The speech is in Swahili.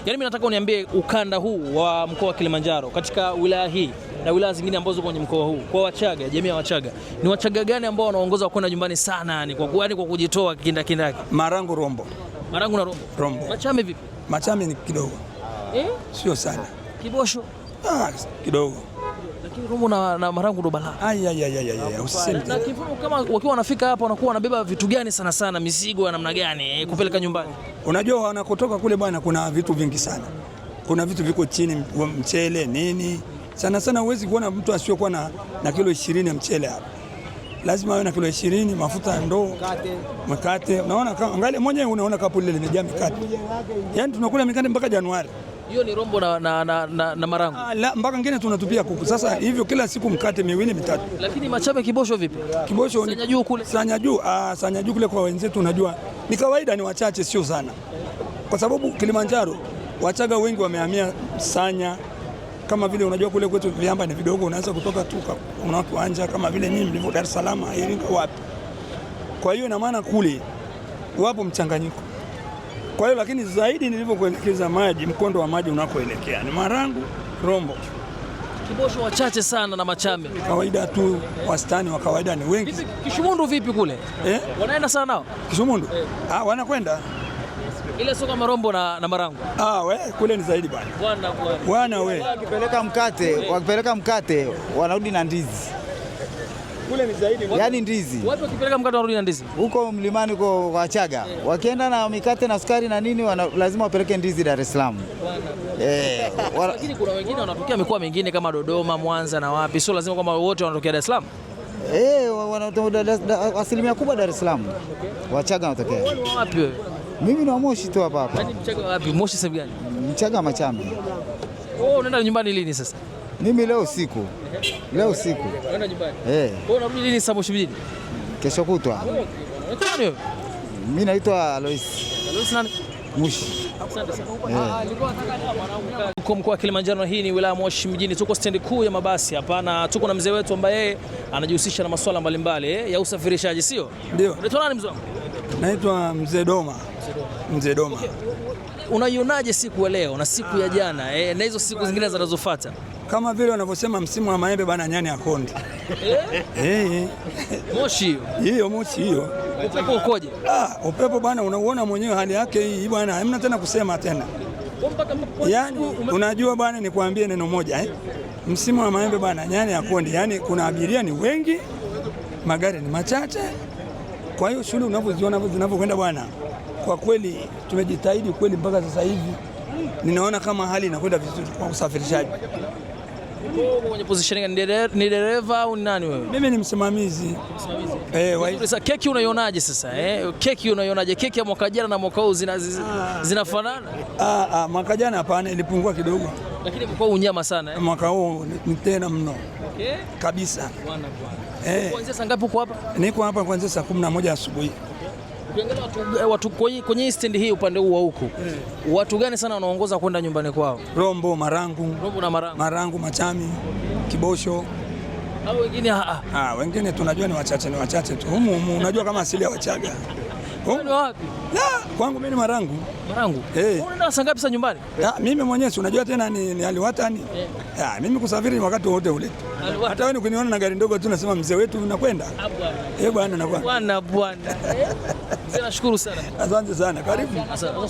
Yaani mimi nataka uniambie ukanda huu wa mkoa wa Kilimanjaro katika wilaya hii na wilaya zingine ambazo kwenye mkoa huu kwa Wachaga, jamii ya Wachaga ni Wachaga gani ambao wanaongoza kwenda nyumbani sana, ni kwa kuani kwa kujitoa kinda? Marangu Rombo, Marangu na Rombo, Rombo. Machame vipi? Machame ni kidogo eh? Sio sana. Kibosho ah, kidogo lakini Rumu na, na Marangu ndo balaa. Usiseme. Na kifupi kama wakiwa wanafika hapa wanakuwa wanabeba vitu gani sana sana, mizigo ya namna gani eh, kupeleka nyumbani? Unajua wanakotoka kule bwana, kuna vitu vingi sana, kuna vitu viko chini, mchele nini, sana sana huwezi kuona mtu asiyokuwa na, na kilo ishirini ya mchele hapa lazima awe na kilo ishirini mafuta ya ndoo, mkate. Unaona angalia, mmoja unaona kapu lile limejaa mikate, yaani tunakula mikate mpaka Januari hiyo ni rombo na, na, na, na, na marangu ah, la, mpaka ngine tunatupia kuku sasa hivyo kila siku mkate miwili mitatu. Lakini Machame Kibosho vipi? Kibosho Sanya juu kule. Sanya juu, ah, Sanya juu kule kwa wenzetu unajua ni kawaida, ni wachache, sio sana, kwa sababu Kilimanjaro Wachaga wengi wamehamia Sanya kama vile unajua kule kwetu viamba ni vidogo, unaweza kutoka tu una kama vile nyinyi mlivyo Dar es Salaam, Iringa, wapi. Kwa hiyo ina maana kule wapo mchanganyiko. Kwa hiyo lakini zaidi nilivyokuelekeza maji, mkondo wa maji unakoelekea ni Marangu Rombo. Kibosho wachache sana na Machame kawaida tu, wastani wa kawaida ni wengi. Kishumundu vipi kule eh? wanaenda sana nao Kishumundu eh? Ah, wanakwenda ile soko Marombo na, na Marangu ah, we kule ni zaidi bwana bwana we wakipeleka mkate, wakipeleka mkate wanarudi na ndizi kule ni zaidi. watu, yani ndizi. Watu wakipeleka mkate wanarudi na ndizi. Huko mlimani kwa Wachaga Yeah. Wakienda na mikate na sukari na nini wana, lazima wapeleke ndizi Dar es Salaam. Eh, lakini kuna wengine wanatokea mikoa mingine kama Dodoma, Mwanza na wapi. Sio lazima kwamba wote wanatokea Dar es Salaam. Eh, asilimia kubwa Dar es Salaam. Wachaga wanatokea. Wapi wewe? Mimi ni wa Moshi tu hapa hapa. Yaani Mchaga wapi? Moshi sehemu gani? Mchaga Machambi. Oh, unaenda nyumbani lini sasa? Mimi leo usiku. leo siku hey. Eh. Kesho kutwa mimi naitwa Alois Mushi. Eh. Ah, Uko mkoa wa Kilimanjaro hii ni wilaya Moshi mjini. Tuko stendi kuu ya mabasi hapa na tuko na mzee wetu ambaye anajihusisha na masuala mbalimbali eh, ya usafirishaji, sio ndio? Unaitwa nani mzee wangu? Naitwa mzee Doma. Mzee Doma, unaionaje siku ya leo na siku ya jana na hizo siku zingine zinazofuata? kama vile wanavyosema msimu wa maembe bana, nyani akondi eh? Eh, eh, moshi hiyo moshi hiyo. Upepo ukoje? Ah, upepo bana, unauona mwenyewe hali yake hii bwana, hamna tena kusema tena. yani, unajua bwana, nikwambie neno moja eh? Msimu wa maembe bana, nyani akondi. yani kuna abiria ni wengi, magari ni machache, kwa hiyo shule unavyoziona zinavyokwenda bwana, kwa kweli tumejitahidi kweli mpaka sasa hivi ninaona kama hali inakwenda vizuri kwa usafirishaji. Kwenye position ni dereva au ni nani wewe? Mimi ni msimamizi. Msimamizi. Eh, keki unaionaje sasa? Eh, keki unaionaje? Keki ya mwaka jana na mwaka huu ah. zinafanana? Ah, ah, mwaka jana hapana, ilipungua kidogo. Lakini mwaka huu unyama sana eh. Mwaka huu ni tena mno. Okay. Kabisa. Bwana bwana. Eh. Kuanzia saa ngapi uko hapa? Niko hapa kuanzia saa 11 asubuhi. Ukiangalia watu, watu kwenye stendi hii upande huu wa huku yeah. Hmm. Watu gani sana wanaongoza kwenda nyumbani kwao? Rombo, Marangu, Rombo na Marangu, Marangu, Machami, Kibosho au wengine ha ah, ah. -ha. Ah, wengine tunajua ni wachache, ni wachache tu humu humu, unajua kama asili ya Wachaga wapi? Kwangu mimi ni Marangu. Marangu. Hey. Eh. Unaenda saa ngapi sasa nyumbani? Da, mimi mwenyewe unajua tena ni, ni aliwata ni. Yeah. Ya, mimi kusafiri wakati wote ule. Hata wewe ukiniona na gari ndogo tu nasema mzee wetu unakwenda. Eh, bwana na bwana. Bwana bwana. Mzee, nashukuru sana. Asante sana. Karibu.